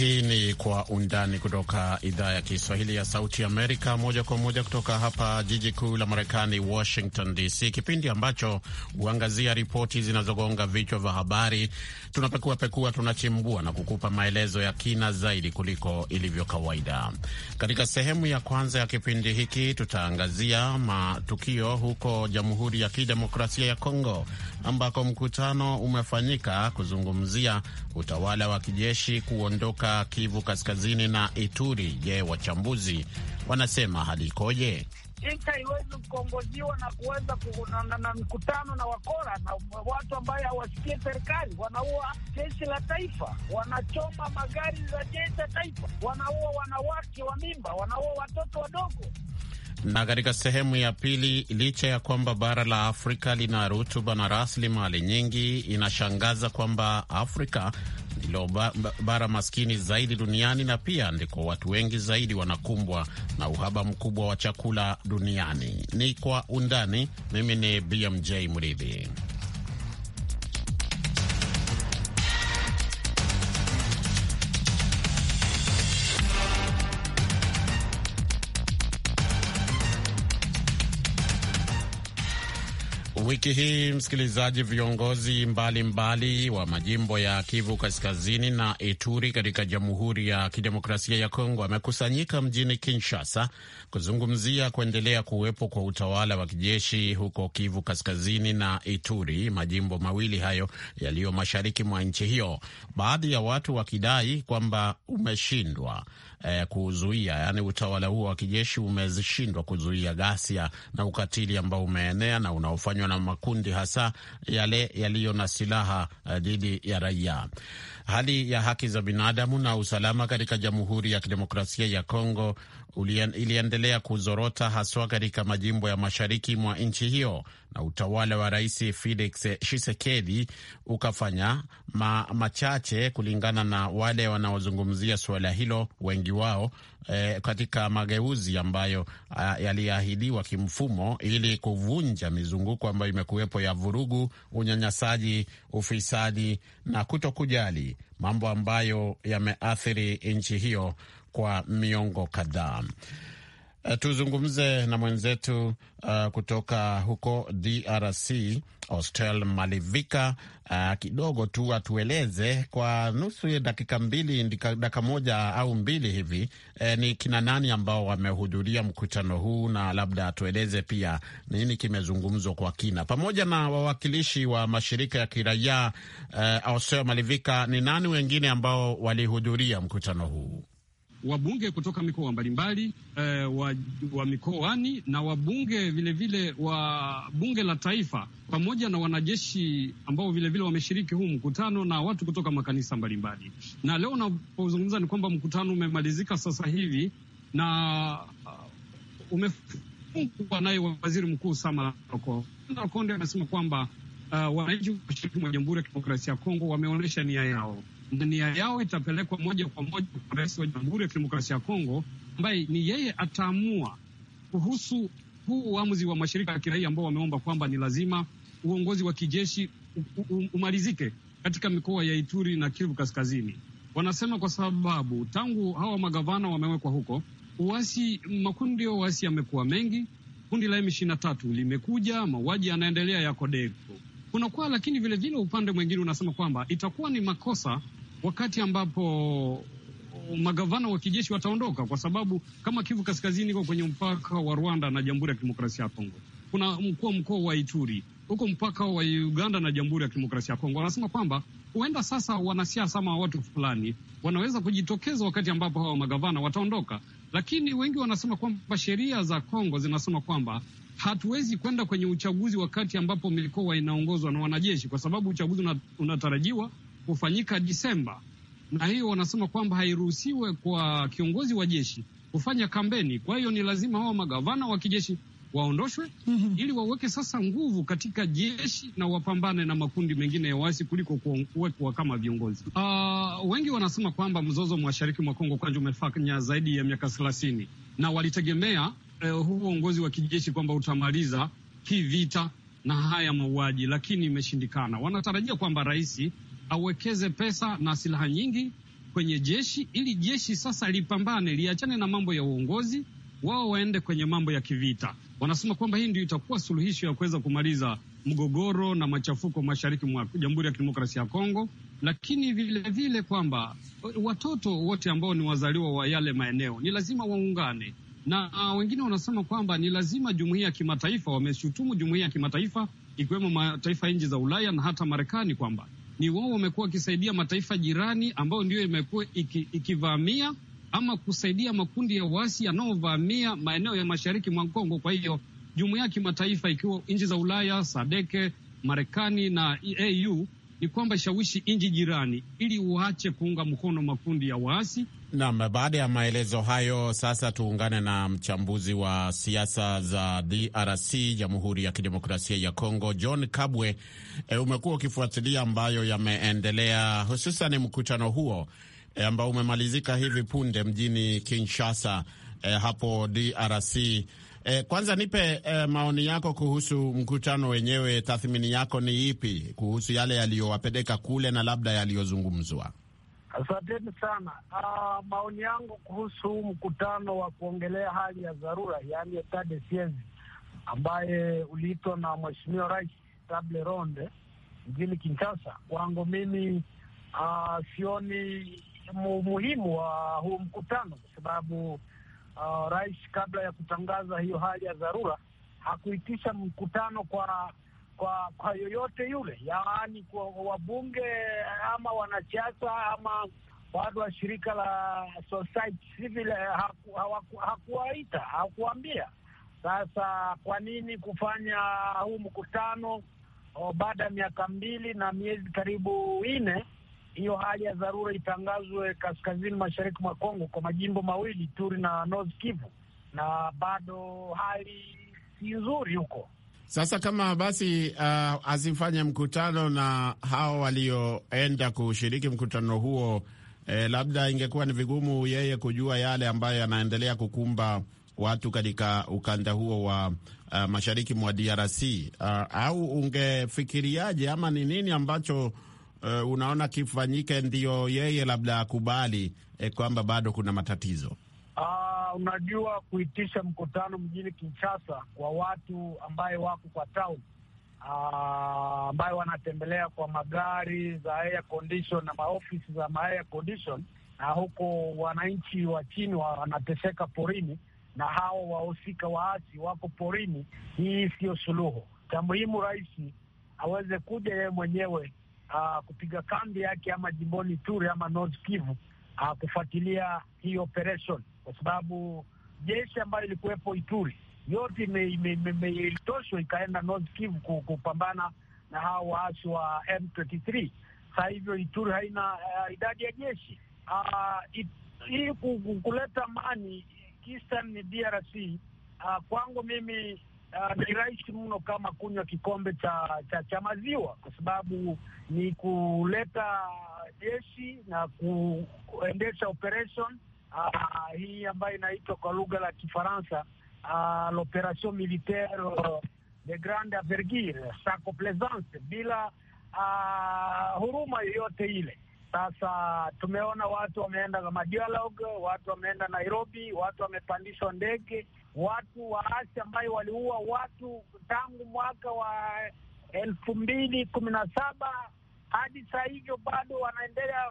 Hii ni Kwa Undani kutoka idhaa ya Kiswahili ya Sauti Amerika, moja kwa moja kutoka hapa jiji kuu la Marekani, Washington DC, kipindi ambacho huangazia ripoti zinazogonga vichwa vya habari. Tunapekua pekua, tunachimbua na kukupa maelezo ya kina zaidi kuliko ilivyo kawaida. Katika sehemu ya kwanza ya kipindi hiki, tutaangazia matukio huko Jamhuri ya Kidemokrasia ya Kongo ambako mkutano umefanyika kuzungumzia utawala wa kijeshi kuondoka Kivu Kaskazini na Ituri. Je, wachambuzi wanasema hali ikoje? Afrika iwezi kuongoziwa na kuweza na mkutano na wakora na watu ambayo hawasikie serikali. Wanaua jeshi la taifa, wanachoma magari za jeshi la taifa, wanaua wanawake wa mimba, wanaua watoto wadogo. Na katika sehemu ya pili, licha ya kwamba bara la Afrika lina rutuba na rasilimali nyingi, inashangaza kwamba Afrika ndilo ba, ba, bara maskini zaidi duniani na pia ndiko watu wengi zaidi wanakumbwa na uhaba mkubwa wa chakula duniani. Ni kwa undani. Mimi ni BMJ Mridhi. Wiki hii msikilizaji, viongozi mbalimbali mbali wa majimbo ya Kivu Kaskazini na Ituri katika Jamhuri ya Kidemokrasia ya Kongo wamekusanyika mjini Kinshasa kuzungumzia kuendelea kuwepo kwa utawala wa kijeshi huko Kivu Kaskazini na Ituri, majimbo mawili hayo yaliyo mashariki mwa nchi hiyo, baadhi ya watu wakidai kwamba umeshindwa eh, kuzuia, yani utawala huo wa kijeshi umeshindwa kuzuia ghasia na ukatili ambao umeenea na unaofanywa na makundi hasa yale yaliyo na silaha eh, dhidi ya raia. Hali ya haki za binadamu na usalama katika Jamhuri ya Kidemokrasia ya Kongo iliendelea kuzorota haswa katika majimbo ya mashariki mwa nchi hiyo, na utawala wa Rais Felix Tshisekedi ukafanya ma, machache kulingana na wale wanaozungumzia suala hilo, wengi wao eh, katika mageuzi ambayo ah, yaliahidiwa kimfumo ili kuvunja mizunguko ambayo imekuwepo ya vurugu, unyanyasaji, ufisadi na kutokujali mambo ambayo yameathiri nchi hiyo kwa miongo kadhaa. Eh, tuzungumze na mwenzetu uh, kutoka huko DRC Hostel Malivika uh, kidogo tu atueleze kwa nusu ya dakika mbili dakika moja au mbili hivi eh, ni kina nani ambao wamehudhuria mkutano huu, na labda atueleze pia nini kimezungumzwa kwa kina, pamoja na wawakilishi wa mashirika ya kiraia. Hostel Malivika, ni nani wengine ambao walihudhuria mkutano huu? wabunge kutoka mikoa mbalimbali e, wa, wa mikoani na wabunge vilevile wa bunge la taifa pamoja na wanajeshi ambao vilevile wameshiriki huu mkutano na watu kutoka makanisa mbalimbali. Na leo napozungumza ni kwamba mkutano umemalizika sasa hivi na uh, umefungwa naye waziri mkuu Sama Lakonde amesema kwamba uh, wananchi wa Mashariki mwa Jamhuri ya Kidemokrasia ya Kongo wameonyesha nia yao nia yao itapelekwa moja kwa moja kwa rais wa Jamhuri ya Kidemokrasia ya Kongo, ambaye ni yeye ataamua kuhusu huu uamuzi wa mashirika ya kiraia ambao wameomba kwamba ni lazima uongozi wa kijeshi umalizike katika mikoa ya Ituri na Kivu Kaskazini. Wanasema kwa sababu tangu hawa magavana wamewekwa huko, uasi makundi ya uasi yamekuwa mengi. Kundi la M23 limekuja, mauaji yanaendelea ya Kodeko kunakuwa, lakini vilevile upande mwingine unasema kwamba itakuwa ni makosa wakati ambapo magavana wa kijeshi wataondoka, kwa sababu kama Kivu Kaskazini iko kwenye mpaka wa Rwanda na Jamhuri ya Kidemokrasia ya Kongo, kuna mkuu wa mkoa wa Ituri huko mpaka wa Uganda na Jamhuri ya Kidemokrasia ya Kongo, wanasema kwamba huenda sasa wanasiasa ama watu fulani wanaweza kujitokeza wakati ambapo hawa magavana wataondoka, lakini wengi wanasema kwamba sheria za Kongo zinasema kwamba hatuwezi kwenda kwenye uchaguzi wakati ambapo mikoa inaongozwa na wanajeshi, kwa sababu uchaguzi unatarajiwa kufanyika Disemba, na hiyo wanasema kwamba hairuhusiwe kwa kiongozi wa jeshi kufanya kampeni. Kwa hiyo ni lazima hawa magavana wa kijeshi waondoshwe mhm. ili waweke sasa nguvu katika jeshi na wapambane na makundi mengine ya waasi kuliko kuwekwa kama viongozi. Uh, wengi wanasema kwamba mzozo mashariki mwa Kongo kwanja umefanya zaidi ya miaka thelathini na walitegemea uh, huu uongozi wa kijeshi kwamba utamaliza kivita na haya mauaji, lakini imeshindikana. Wanatarajia kwamba rais awekeze pesa na silaha nyingi kwenye jeshi ili jeshi sasa lipambane, liachane na mambo ya uongozi, wao waende kwenye mambo ya kivita. Wanasema kwamba hii ndio itakuwa suluhisho ya kuweza kumaliza mgogoro na machafuko mashariki mwa Jamhuri ya Kidemokrasia ya Kongo, lakini vilevile kwamba eh, watoto wote ambao ni wazaliwa wa yale maeneo ni lazima waungane na uh, wengine wanasema kwamba ni lazima jumuiya ya kimataifa, wameshutumu jumuiya ya kimataifa ikiwemo mataifa ya nchi za Ulaya na hata Marekani kwamba ni wao wamekuwa wakisaidia mataifa jirani ambayo ndio imekuwa iki, ikivamia ama kusaidia makundi ya waasi yanayovamia maeneo ya mashariki mwa Kongo. Kwa hiyo jumuiya ya kimataifa ikiwa nchi za Ulaya, Sadeke, Marekani na e AU ni kwamba shawishi nchi jirani ili uache kuunga mkono makundi ya waasi. Naam, baada ya maelezo hayo, sasa tuungane na mchambuzi wa siasa za DRC, Jamhuri ya Kidemokrasia ya Kongo, John Kabwe. E, umekuwa ukifuatilia ambayo yameendelea, hususan mkutano huo e, ambao umemalizika hivi punde mjini Kinshasa, e, hapo DRC. E, kwanza nipe e, maoni yako kuhusu mkutano wenyewe. Tathmini yako ni ipi kuhusu yale yaliyowapeleka kule na labda yaliyozungumzwa? Asanteni sana. Uh, maoni yangu kuhusu mkutano wa kuongelea hali ya dharura, yaani etat de siege, ambaye uliitwa na Mheshimiwa Rais ronde mjini Kinshasa, kwangu mimi uh, sioni umuhimu wa huu mkutano kwa sababu uh, rais kabla ya kutangaza hiyo hali ya dharura hakuitisha mkutano kwa kwa kwa yoyote yule, yaani kwa wabunge ama wanasiasa ama watu wa shirika la society civil, eh, hakuwaita hakuwambia Sasa kwa nini kufanya huu mkutano oh, baada ya miaka mbili na miezi karibu nne? hiyo hali ya dharura itangazwe kaskazini mashariki mwa Kongo kwa majimbo mawili Turi na North Kivu, na bado hali si nzuri huko. Sasa kama basi uh, azifanye mkutano na hao walioenda kushiriki mkutano huo eh, labda ingekuwa ni vigumu yeye kujua yale ambayo yanaendelea kukumba watu katika ukanda huo wa uh, mashariki mwa DRC uh, au ungefikiriaje ama ni nini ambacho uh, unaona kifanyike ndiyo yeye labda akubali eh, kwamba bado kuna matatizo? Uh, unajua kuitisha mkutano mjini Kinshasa kwa watu ambaye wako kwa town uh, ah, ambayo wanatembelea kwa magari za air condition na maofisi za ma air condition na huko wananchi wa chini wanateseka porini na hawa wahusika waasi wako porini. Hii siyo suluhu. Cha muhimu rais aweze kuja yeye mwenyewe uh, kupiga kambi yake ama jimboni Turi ama North Kivu uh, kufuatilia hii operation, kwa sababu jeshi ambayo ilikuwepo Ituri yote ilitoshwa ikaenda North Kivu kupambana na hao waasi wa M23. sa hivyo Ituri haina uh, idadi ya jeshi uh, ili kuleta amani Eastern DRC. Uh, kwangu mimi uh, ni rahisi mno kama kunywa kikombe cha, cha, cha maziwa, kwa sababu ni kuleta jeshi na kuendesha operation uh, hii ambayo inaitwa kwa lugha la Kifaransa uh, ah, l'operation militaire uh, de grande envergure, sans bila uh, huruma yoyote ile. Sasa tumeona watu wameenda kama dialogue, watu wameenda Nairobi, watu wamepandishwa ndege, watu waasi ambayo waliua watu tangu mwaka wa elfu mbili kumi na saba hadi saa hivyo bado wanaendelea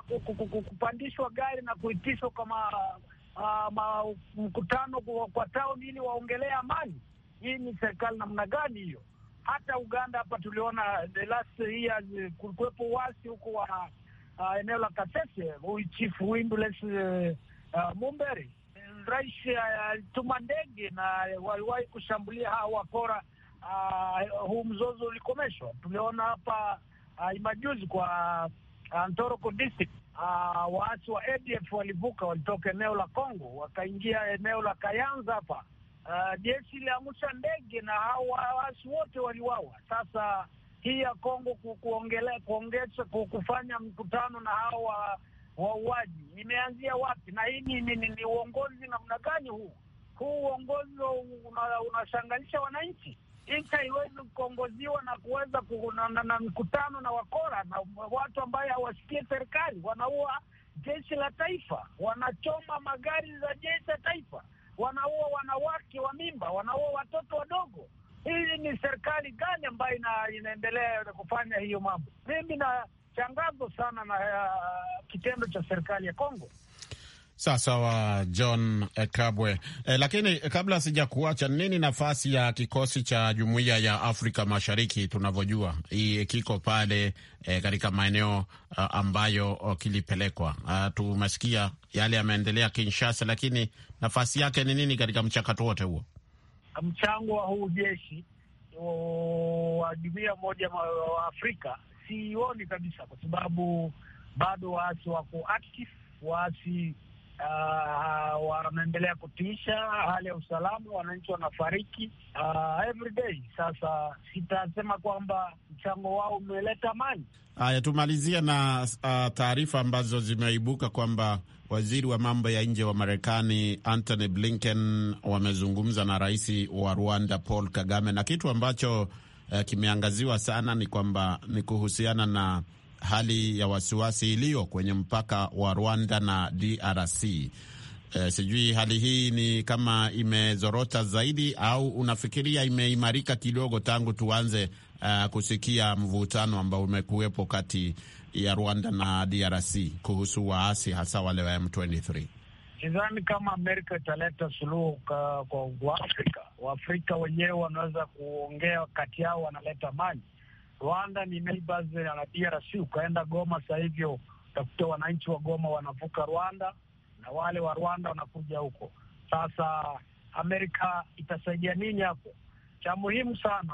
kupandishwa gari na kuitishwa kama uh, mkutano kwa, kwa tauni ili waongelee amani. Hii ni serikali namna gani hiyo? Hata Uganda hapa tuliona the last years eh, kulikuwepo wasi huko wa uh, eneo la Kasese, huyu chifu Wimbles uh, eh, uh, ah, rais alituma eh, uh, ndege na waliwahi kushambulia hawa wakora uh, huu mzozo ulikomeshwa. Tuliona hapa uh, kwa antoroko district uh, waasi wa ADF walivuka, walitoka eneo la congo wakaingia eneo la Kayanza hapa. Uh, jeshi ndege na hao waasi wote waliwawa. Sasa hii ya Kongo kuongelea kufanya mkutano na hawa wauaji imeanzia wapi? Na hii ni, ni, ni uongozi namna gani huu? Huu uongozi unashangalisha una wananchi. Nchi haiwezi kuongoziwa na kuweza na mkutano na wakora na watu ambaye hawasikie serikali. Wanaua jeshi la taifa, wanachoma magari za jeshi la taifa, wanaua wanawake wa mimba, wanaua watoto wadogo hii ni serikali gani ambayo inaendelea kufanya hiyo mambo? Mimi nachangazwa sana na uh, kitendo cha serikali ya Kongo. Sawasawa, John eh, Kabwe. E, lakini kabla sija kuacha, nini nafasi ya kikosi cha jumuiya ya Afrika Mashariki? Tunavyojua hii kiko pale e, katika maeneo ambayo oh, kilipelekwa. Ah, tumesikia yale yameendelea Kinshasa, lakini nafasi yake ni nini katika mchakato wote huo? mchango wa huu jeshi wa jumuia moja wa Afrika sioni kabisa, kwa sababu bado waasi wako active, waasi uh, wanaendelea kutiisha hali ya usalama, wananchi wanafariki uh, Sasa sitasema kwamba mchango wao umeleta amani. Haya, tumalizie na uh, taarifa ambazo zimeibuka kwamba Waziri wa mambo ya nje wa Marekani Antony Blinken wamezungumza na rais wa Rwanda Paul Kagame, na kitu ambacho eh, kimeangaziwa sana ni kwamba ni kuhusiana na hali ya wasiwasi iliyo kwenye mpaka wa Rwanda na DRC. Eh, sijui hali hii ni kama imezorota zaidi au unafikiria imeimarika kidogo tangu tuanze uh, kusikia mvutano ambao umekuwepo kati ya Rwanda na DRC kuhusu waasi hasa wale wa M23? Sidhani kama Amerika italeta suluhu kwa Afrika. Waafrika wenyewe wanaweza kuongea kati yao, wanaleta mali Rwanda ni neighbors na DRC. Ukaenda Goma sasa hivyo utakuta wananchi wa Goma wanavuka Rwanda na wale wa Rwanda wanakuja huko. Sasa Amerika itasaidia nini hapo? Cha muhimu sana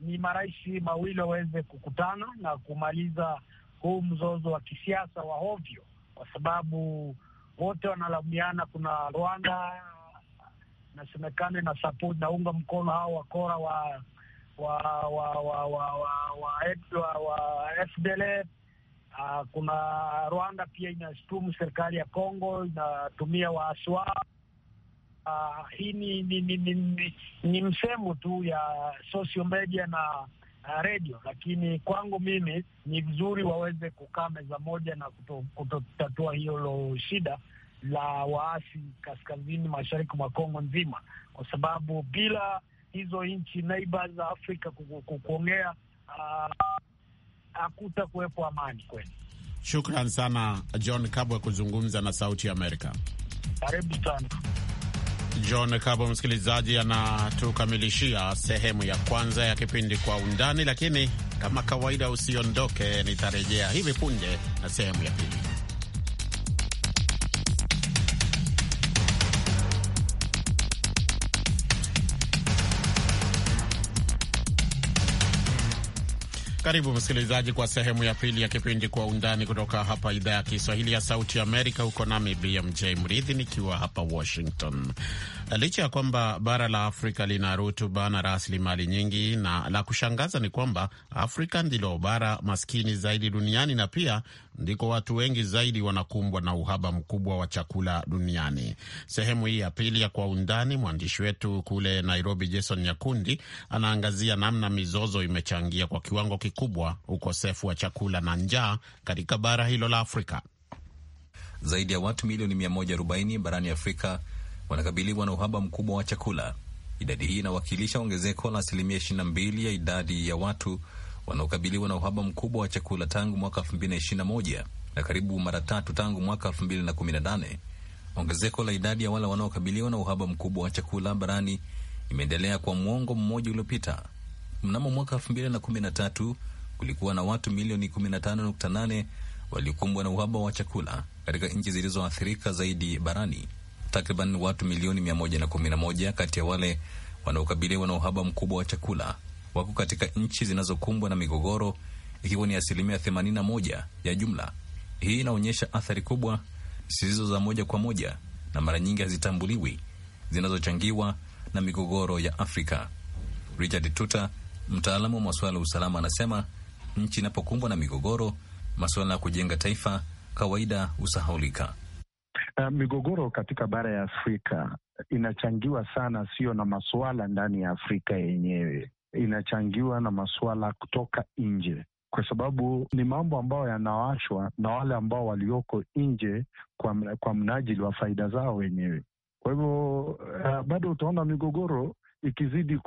ni marais mawili waweze kukutana na kumaliza huu mzozo wa kisiasa wa ovyo, kwa sababu wote wanalaumiana. Kuna Rwanda inasemekana ina mkono hao wakora wa wa wa wa wa wa wa ah, Kuna Rwanda pia inashutumu serikali ya Congo, inatumia waasi wao. Ah, hii ni ni msemo tu ya social media na uh, redio, lakini kwangu mimi ni vizuri waweze kukaa meza moja na kutotatua hiyo shida la waasi kaskazini mashariki mwa Kongo nzima, kwa sababu bila hizo nchi neighbors za Afrika kuongea uh, hakuta uh, kuwepo amani kweli. Shukran sana John Kabwe kuzungumza na Sauti ya Amerika. Karibu sana. John Kabo, msikilizaji, anatukamilishia sehemu ya kwanza ya kipindi Kwa Undani, lakini kama kawaida, usiondoke, nitarejea hivi punde na sehemu ya pili. Karibu msikilizaji, kwa sehemu ya pili ya kipindi Kwa Undani kutoka hapa idhaa ya Kiswahili ya Sauti Amerika. Huko nami BMJ Mridhi nikiwa hapa Washington. Licha ya kwamba bara la Afrika lina rutuba na rasilimali nyingi, na la kushangaza ni kwamba Afrika ndilo bara maskini zaidi duniani na pia ndiko watu wengi zaidi wanakumbwa na uhaba mkubwa wa chakula duniani. Sehemu hii ya pili ya Kwa Undani, mwandishi wetu kule Nairobi, Jason Nyakundi, anaangazia namna mizozo imechangia kwa kiwango kikubwa ukosefu wa chakula na njaa katika bara hilo la Afrika. Zaidi ya watu milioni 140 barani Afrika wanakabiliwa na uhaba mkubwa wa chakula. Idadi hii inawakilisha ongezeko la asilimia 22 ya idadi ya watu wanaokabiliwa na uhaba mkubwa wa chakula tangu mwaka 2021 na karibu mara tatu tangu mwaka 2018. Ongezeko la idadi ya wale wanaokabiliwa na uhaba mkubwa wa chakula barani imeendelea kwa mwongo mmoja uliopita. Mnamo mwaka 2013 kulikuwa na watu milioni 15.8 waliokumbwa na uhaba wa chakula katika nchi zilizoathirika zaidi barani takriban watu milioni mia moja na kumi na moja kati ya wale wanaokabiliwa na uhaba mkubwa wa chakula wako katika nchi zinazokumbwa na migogoro ikiwa ni asilimia themanini na moja ya jumla. Hii inaonyesha athari kubwa zisizo za moja kwa moja na mara nyingi hazitambuliwi zinazochangiwa na migogoro ya Afrika. Richard Tuta, mtaalamu wa masuala ya usalama, anasema nchi inapokumbwa na migogoro, masuala ya kujenga taifa kawaida husahaulika. Uh, migogoro katika bara ya Afrika inachangiwa sana, sio na masuala ndani ya Afrika yenyewe, inachangiwa na masuala kutoka nje, kwa sababu ni mambo ambayo yanawashwa na wale ambao walioko nje kwa, kwa mnajili wa faida zao wenyewe. Kwa hivyo uh, bado utaona migogoro ikizidi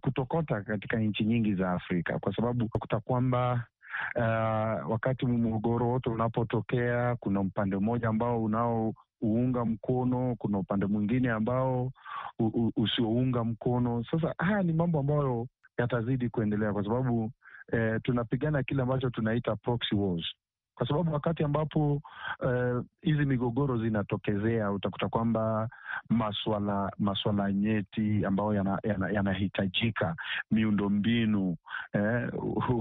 kutokota katika nchi nyingi za Afrika kwa sababu kuta kwamba uh, wakati mgogoro wote unapotokea kuna upande mmoja ambao unao uunga mkono, kuna upande mwingine ambao usiounga mkono. Sasa haya ni mambo ambayo yatazidi kuendelea kwa sababu eh, tunapigana kile ambacho tunaita proxy wars kwa sababu wakati ambapo eh, hizi uh, migogoro zinatokezea utakuta kwamba maswala maswala nyeti ambayo yanahitajika yana, yana mbinu eh,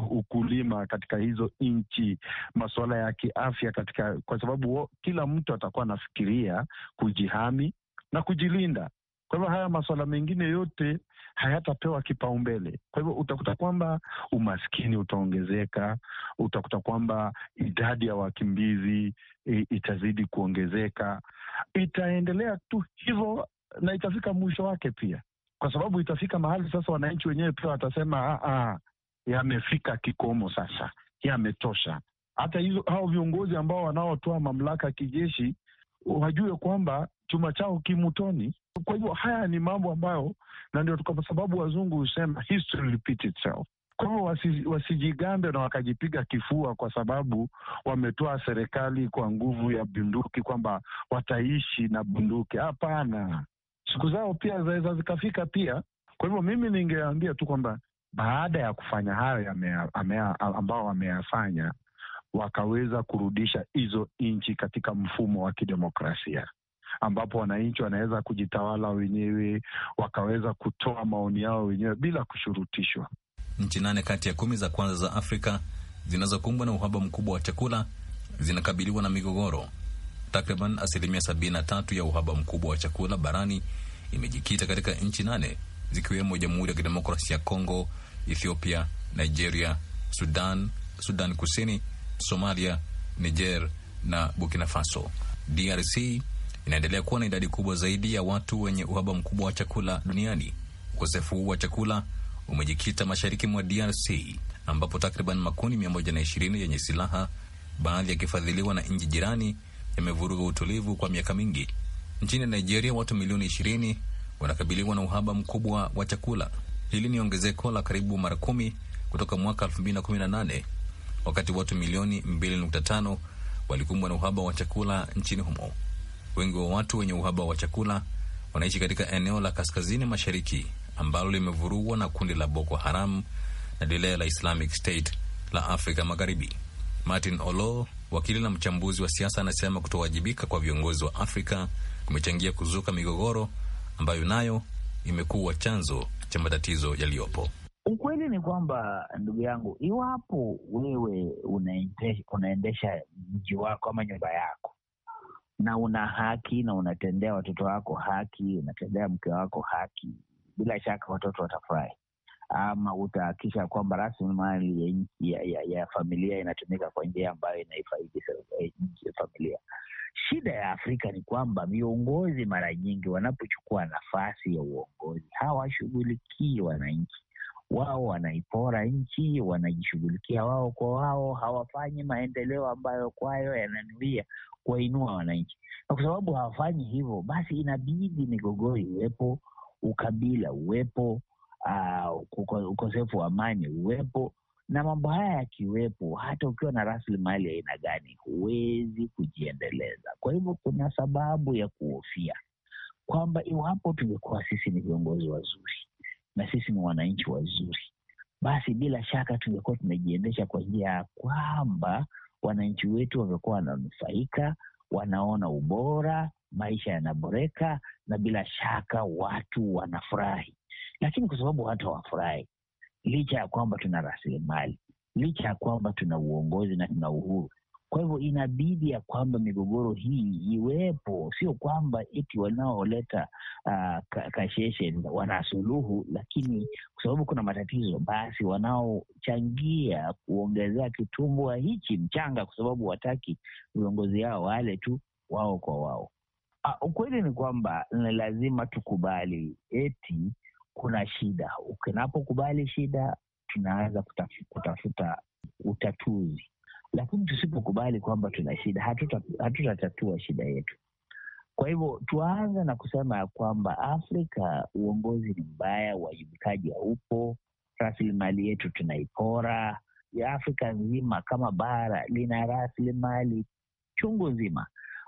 ukulima katika hizo nchi, maswala ya kiafya katika, kwa sababu kila mtu atakuwa anafikiria kujihami na kujilinda kwa hivyo haya masuala mengine yote hayatapewa kipaumbele. Kwa hivyo utakuta kwamba umaskini utaongezeka, utakuta kwamba idadi ya wakimbizi itazidi kuongezeka, itaendelea tu hivyo na itafika mwisho wake pia, kwa sababu itafika mahali sasa wananchi wenyewe pia watasema ah, ah, yamefika kikomo sasa, yametosha. Hata hao viongozi ambao wanaotoa mamlaka ya kijeshi wajue kwamba chuma chao kimutoni. Kwa hivyo haya ni mambo ambayo, na ndio kwa sababu wazungu husema history repeats itself. Kwa hivyo wasi, wasijigambe na wakajipiga kifua kwa sababu wametoa serikali kwa nguvu ya bunduki, kwamba wataishi na bunduki. Hapana, siku zao pia zaweza zikafika pia. Kwa hivyo mimi ningeambia tu kwamba baada ya kufanya hayo ambao wameyafanya, wakaweza kurudisha hizo nchi katika mfumo wa kidemokrasia ambapo wananchi wanaweza kujitawala wenyewe, wakaweza kutoa maoni yao wenyewe bila kushurutishwa. Nchi nane kati ya kumi za kwanza za Afrika zinazokumbwa na uhaba mkubwa wa chakula zinakabiliwa na migogoro. Takriban asilimia sabini na tatu ya uhaba mkubwa wa chakula barani imejikita katika nchi nane zikiwemo Jamhuri ya Kidemokrasia ya Kongo, Ethiopia, Nigeria, Sudan, Sudan Kusini, Somalia, Niger na Burkina Faso. DRC inaendelea kuwa na idadi kubwa zaidi ya watu wenye uhaba mkubwa wa chakula duniani. Ukosefu huu wa chakula umejikita mashariki mwa DRC ambapo takriban makundi 120 yenye silaha, baadhi yakifadhiliwa na nchi jirani, yamevuruga utulivu kwa miaka mingi. Nchini Nigeria, watu milioni 20 wanakabiliwa na uhaba mkubwa wa chakula. Hili ni ongezeko la karibu mara kumi kutoka mwaka elfu wakati watu milioni 25 walikumbwa na uhaba wa chakula nchini humo. Wengi wa watu wenye uhaba wa chakula wanaishi katika eneo la kaskazini mashariki ambalo limevurugwa na kundi la Boko Haram na lile la Islamic State la Afrika Magharibi. Martin Olo, wakili na mchambuzi wa siasa, anasema kutowajibika kwa viongozi wa Afrika kumechangia kuzuka migogoro ambayo nayo imekuwa chanzo cha matatizo yaliyopo. Ukweli ni kwamba, ndugu yangu, iwapo wewe unaendesha mji wako ama nyumba yako na una haki na unatendea watoto wako haki, unatendea mke wako haki, bila shaka watoto watafurahi, ama utahakisha kwamba rasilimali ya, ya, ya, ya familia inatumika kwa njia ambayo inaifaidi eh, familia. Shida ya Afrika ni kwamba viongozi mara nyingi wanapochukua nafasi ya uongozi hawashughulikii wananchi wao wanaipora nchi, wanajishughulikia wao kwa wao, hawafanyi maendeleo ambayo kwayo yananuia kuwainua wananchi. Na kwa sababu hawafanyi hivyo, basi inabidi migogoro iwepo, ukabila uwepo, uh, ukosefu wa amani uwepo. Na mambo haya yakiwepo, hata ukiwa na rasilimali ya aina gani, huwezi kujiendeleza. Kwa hivyo kuna sababu ya kuhofia kwamba iwapo tungekuwa sisi ni viongozi wazuri na sisi ni wananchi wazuri, basi bila shaka tungekuwa tumejiendesha kwa njia ya kwamba wananchi wetu wamekuwa wananufaika, wanaona ubora, maisha yanaboreka, na bila shaka watu wanafurahi. Lakini kwa sababu watu hawafurahi, licha ya kwamba tuna rasilimali, licha ya kwamba tuna uongozi na tuna uhuru, kwa hivyo inabidi ya kwamba migogoro hii iwepo, sio kwamba eti wanaoleta uh, ah, kasheshe suluhu lakini kwa sababu kuna matatizo, basi wanaochangia kuongezea kitumbua hichi mchanga, kwa sababu wataki viongozi hao wale tu wao kwa wao. Uh, ukweli ni kwamba ni lazima tukubali eti kuna shida. Ukinapokubali shida, tunaanza kutafuta, kutafuta utatuzi lakini tusipokubali kwamba tuna shida hatutatatua shida yetu. Kwa hivyo tuanza na kusema ya kwamba Afrika uongozi ni mbaya, uwajibikaji haupo, rasilimali yetu tunaipora. Ya Afrika nzima kama bara lina rasilimali chungu nzima.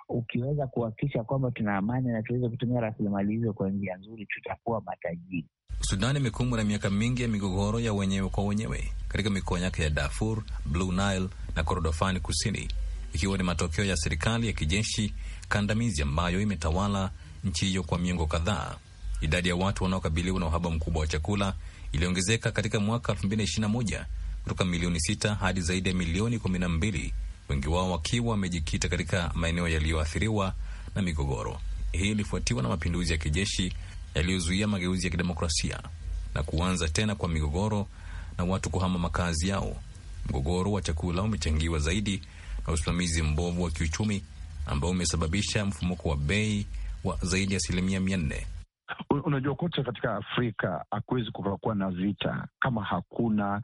Ukiweza kuhakikisha kwamba tuna amani na tuweze kutumia rasilimali hizo kwa njia nzuri, tutakuwa matajiri. Sudan imekumbwa na miaka mingi ya migogoro ya wenyewe kwa wenyewe katika mikoa yake ya Darfur, Blue Nile na Kordofani Kusini, ikiwa ni matokeo ya serikali ya kijeshi kandamizi ambayo imetawala nchi hiyo kwa miongo kadhaa. Idadi ya watu wanaokabiliwa na uhaba mkubwa wa chakula iliongezeka katika mwaka 2021 kutoka milioni sita hadi zaidi ya milioni mbili wengi wao wakiwa wamejikita katika maeneo yaliyoathiriwa na migogoro hii. Ilifuatiwa na mapinduzi ya kijeshi yaliyozuia mageuzi ya kidemokrasia na kuanza tena kwa migogoro na watu kuhama makazi yao. Mgogoro wa chakula umechangiwa zaidi na usimamizi mbovu wa kiuchumi ambao umesababisha mfumuko wa bei wa zaidi ya asilimia mia nne. Unajua, kote katika Afrika hakuwezi kukakuwa na vita kama hakuna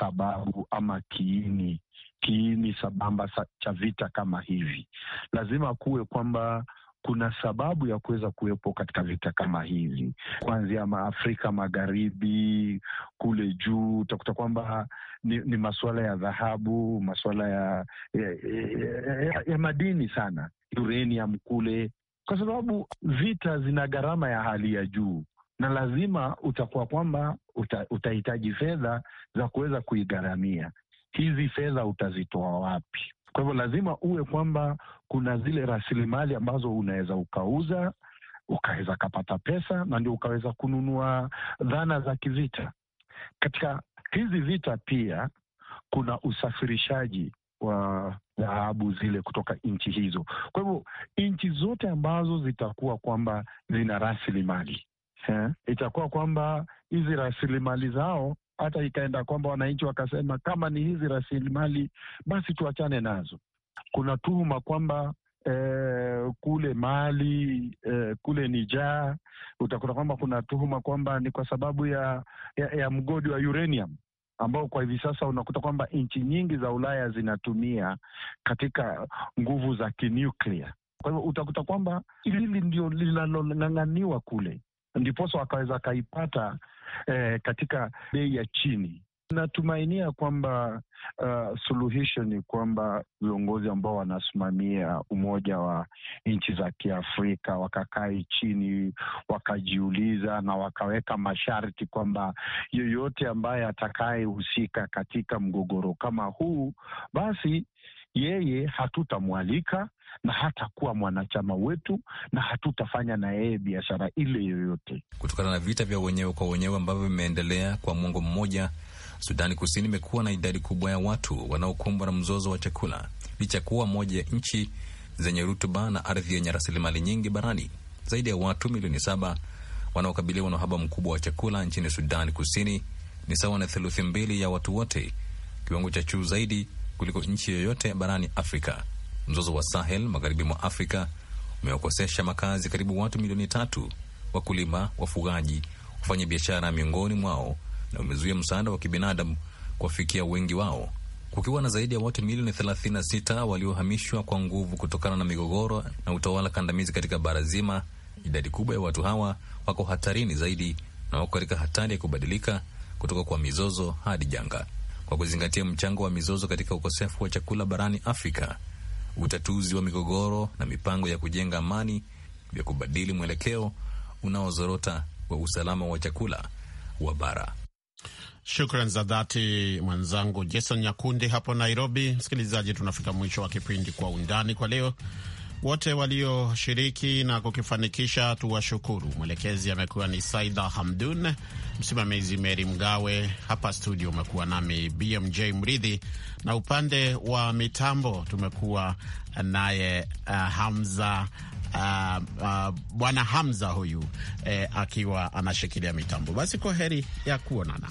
sababu ama kiini kiini sabamba cha vita kama hivi. Lazima kuwe kwamba kuna sababu ya kuweza kuwepo katika vita kama hivi, kuanzia maafrika magharibi kule juu, utakuta kwamba ni, ni masuala ya dhahabu, masuala ya ya, ya, ya ya madini sana, uranium kule, kwa sababu vita zina gharama ya hali ya juu na lazima utakuwa kwamba uta, utahitaji fedha za kuweza kuigharamia. Hizi fedha utazitoa wapi? Kwa hivyo lazima uwe kwamba kuna zile rasilimali ambazo unaweza ukauza ukaweza kapata pesa na ndio ukaweza kununua dhana za kivita. Katika hizi vita pia kuna usafirishaji wa dhahabu zile kutoka nchi hizo. Kwa hivyo nchi zote ambazo zitakuwa kwamba zina rasilimali eh, itakuwa kwamba hizi rasilimali zao hata ikaenda kwamba wananchi wakasema kama ni hizi rasilimali basi tuachane nazo. Kuna tuhuma kwamba Eh, kule Mali eh, kule nijaa utakuta kwamba kuna tuhuma kwamba ni kwa sababu ya, ya, ya mgodi wa uranium ambao kwa hivi sasa unakuta kwamba nchi nyingi za Ulaya zinatumia katika nguvu za kinuklia. Kwa hivyo utakuta kwamba hili ndio linalong'ang'aniwa kule ndiposa wakaweza akaipata eh, katika bei ya chini. Natumainia kwamba uh, suluhisho ni kwamba viongozi ambao wanasimamia umoja wa nchi za Kiafrika wakakae chini wakajiuliza na wakaweka masharti kwamba yeyote ambaye atakayehusika katika mgogoro kama huu basi yeye hatutamwalika na hatakuwa mwanachama wetu na hatutafanya na yeye biashara ile yoyote. Kutokana na vita vya wenyewe kwa wenyewe ambavyo vimeendelea kwa mwongo mmoja, Sudani Kusini imekuwa na idadi kubwa ya watu wanaokumbwa na mzozo wa chakula, licha kuwa moja ya nchi zenye rutuba na ardhi yenye rasilimali nyingi barani. Zaidi ya watu milioni saba wanaokabiliwa na uhaba mkubwa wa chakula nchini Sudani Kusini ni sawa na theluthi mbili ya watu wote, kiwango cha juu zaidi kuliko nchi yoyote barani Afrika. Mzozo wa Sahel magharibi mwa Afrika umewakosesha makazi karibu watu milioni tatu, wakulima, wafugaji, wafanya biashara miongoni mwao, na umezuia msaada wa kibinadamu kuwafikia wengi wao, kukiwa na zaidi ya watu milioni 36 waliohamishwa kwa nguvu kutokana na migogoro na utawala kandamizi katika bara zima. Idadi kubwa ya watu hawa wako hatarini zaidi na wako katika hatari ya kubadilika kutoka kwa mizozo hadi janga kwa kuzingatia mchango wa mizozo katika ukosefu wa chakula barani Afrika, utatuzi wa migogoro na mipango ya kujenga amani vya kubadili mwelekeo unaozorota wa usalama wa chakula wa bara. Shukran za dhati mwenzangu Jason Nyakundi hapo Nairobi. Msikilizaji, tunafika mwisho wa kipindi Kwa Undani kwa leo. Wote walioshiriki na kukifanikisha tuwashukuru. Mwelekezi amekuwa ni Saida Hamdun, msimamizi Meri Mgawe. Hapa studio umekuwa nami BMJ Mridhi, na upande wa mitambo tumekuwa naye uh, Hamza uh, uh, bwana Hamza huyu eh, akiwa anashikilia mitambo. Basi kwa heri ya kuonana.